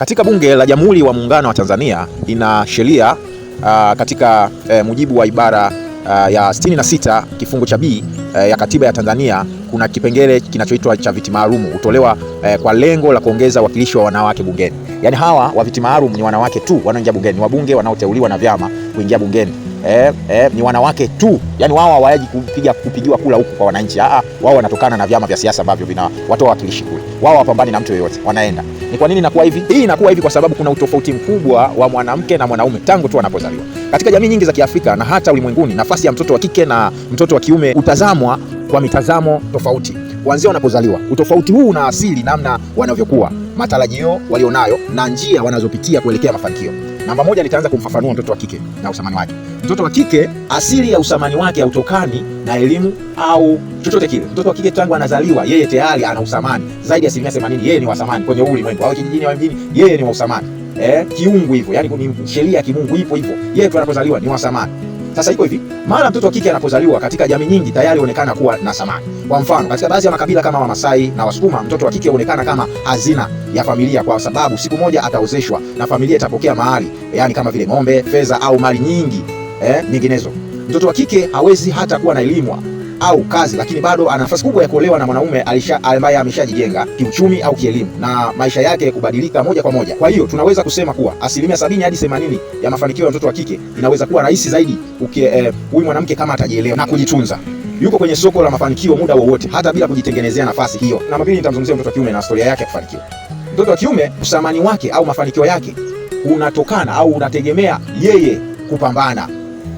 Katika Bunge la Jamhuri wa Muungano wa Tanzania lina sheria uh, katika uh, mujibu wa ibara uh, ya 66 kifungu cha B uh, ya Katiba ya Tanzania kuna kipengele kinachoitwa cha viti maalum hutolewa eh, kwa lengo la kuongeza uwakilishi wa wanawake bungeni. Yaani hawa wa viti maalum ni wanawake tu wanaoingia bungeni, ni wabunge wanaoteuliwa na vyama kuingia bungeni. Eh, eh, ni wanawake tu yaani wao hawaji kupiga kupigiwa kula huku kwa wananchi. Ah, ah, wao wanatokana na vyama vya siasa ambavyo vinawatoa wawakilishi kule. Wao hawapambani na mtu yoyote, wanaenda. Ni kwa nini inakuwa hivi? Hii inakuwa hivi kwa sababu kuna utofauti mkubwa wa mwanamke na mwanaume tangu tu wanapozaliwa. Katika jamii nyingi za Kiafrika na hata ulimwenguni, nafasi ya mtoto wa kike na mtoto wa kiume utazamwa kwa mitazamo tofauti kuanzia wanapozaliwa. Utofauti huu una asili namna wanavyokuwa, matarajio walionayo na njia wanazopitia kuelekea mafanikio. Namba moja, nitaanza kumfafanua mtoto wa kike na usamani wake. Mtoto wa kike, asili ya usamani wake hautokani na elimu au chochote kile. Mtoto wa kike tangu anazaliwa, yeye tayari ana usamani zaidi ya asilimia themanini. Yeye ni wasamani kwenye ulimwengu, au kijijini au mjini, yeye ni wa usamani eh, kiungu hivyo, yani sheria ya kimungu ipo hivyo. Yeye tu anapozaliwa ni wasamani. Sasa iko hivi, mara mtoto wa kike anapozaliwa katika jamii nyingi tayari huonekana kuwa na samani. Kwa mfano, katika baadhi ya makabila kama Wamasai na Wasukuma, mtoto wa kike huonekana kama hazina ya familia, kwa sababu siku moja ataozeshwa na familia itapokea mahari, yaani kama vile ng'ombe, fedha au mali nyingi eh, nyinginezo. Mtoto wa kike hawezi hata kuwa na elimu au kazi, lakini bado ana nafasi kubwa ya kuolewa na mwanaume ambaye ameshajijenga kiuchumi au kielimu na maisha yake kubadilika moja kwa moja. Kwa hiyo tunaweza kusema kuwa asilimia sabini hadi themanini ya mafanikio ya mtoto wa kike inaweza kuwa rahisi zaidi eh, huyu eh, mwanamke kama atajielewa na kujitunza yuko kwenye soko la mafanikio muda wowote, hata bila kujitengenezea nafasi hiyo. Namba mbili, nitamzungumzia mtoto wa kiume na historia yake ya kufanikiwa. Mtoto wa kiume, usamani wake au mafanikio yake unatokana au unategemea yeye kupambana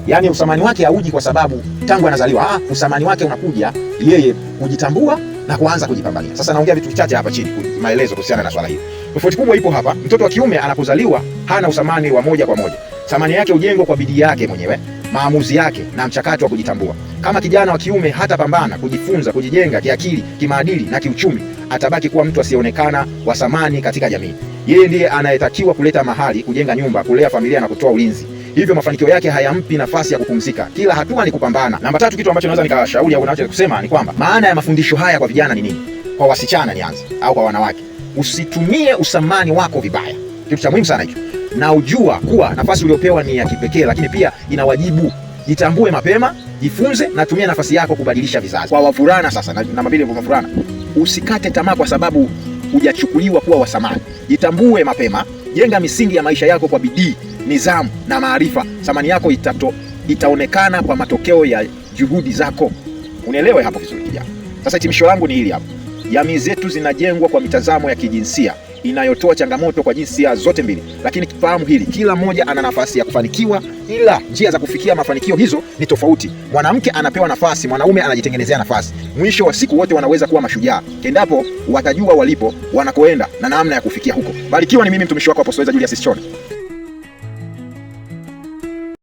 Yaani usamani wake hauji kwa sababu tangu anazaliwa. Ah, usamani wake unakuja yeye kujitambua na kuanza kujipambania. Sasa naongea vitu vichache hapa chini maelezo kuhusiana na swala hili. Tofauti kubwa ipo hapa. Mtoto wa kiume anapozaliwa hana usamani wa moja kwa moja. Thamani yake hujengwa kwa bidii yake mwenyewe, maamuzi yake na mchakato wa kujitambua. Kama kijana wa kiume hatapambana kujifunza, kujijenga kiakili, kimaadili na kiuchumi, atabaki kuwa mtu asiyeonekana wa thamani katika jamii. Yeye ndiye anayetakiwa kuleta mahali, kujenga nyumba, kulea familia na kutoa ulinzi hivyo mafanikio yake hayampi nafasi ya kupumzika. Kila hatua ni kupambana. Namba tatu, kitu ambacho naweza nikashauri au naweza kusema ni kwamba maana ya mafundisho haya kwa vijana ni nini? Kwa wasichana nianze, au kwa wanawake, usitumie usamani wako vibaya. Kitu cha muhimu sana hicho, na ujua kuwa nafasi uliopewa ni ya kipekee, lakini pia ina wajibu. Jitambue mapema, jifunze na tumia nafasi yako kubadilisha vizazi. Kwa wavulana sasa, namba mbili, kwa wavulana, usikate tamaa kwa sababu hujachukuliwa kuwa wasamani. Jitambue mapema, jenga misingi ya maisha yako kwa bidii nidhamu na maarifa, thamani yako itato, itaonekana kwa matokeo ya juhudi zako. Unielewe hapo vizuri kijana. Sasa hitimisho langu ni hili hapo, Jamii zetu zinajengwa kwa mitazamo ya kijinsia inayotoa changamoto kwa jinsia zote mbili, lakini fahamu hili, kila mmoja ana nafasi ya kufanikiwa, ila njia za kufikia mafanikio hizo ni tofauti. Mwanamke anapewa nafasi, mwanaume anajitengenezea nafasi. Mwisho wa siku, wote wanaweza kuwa mashujaa endapo watajua walipo, wanakoenda na namna ya kufikia huko. Barikiwa. Ni mimi mtumishi wako Apostoli Julius Sisson.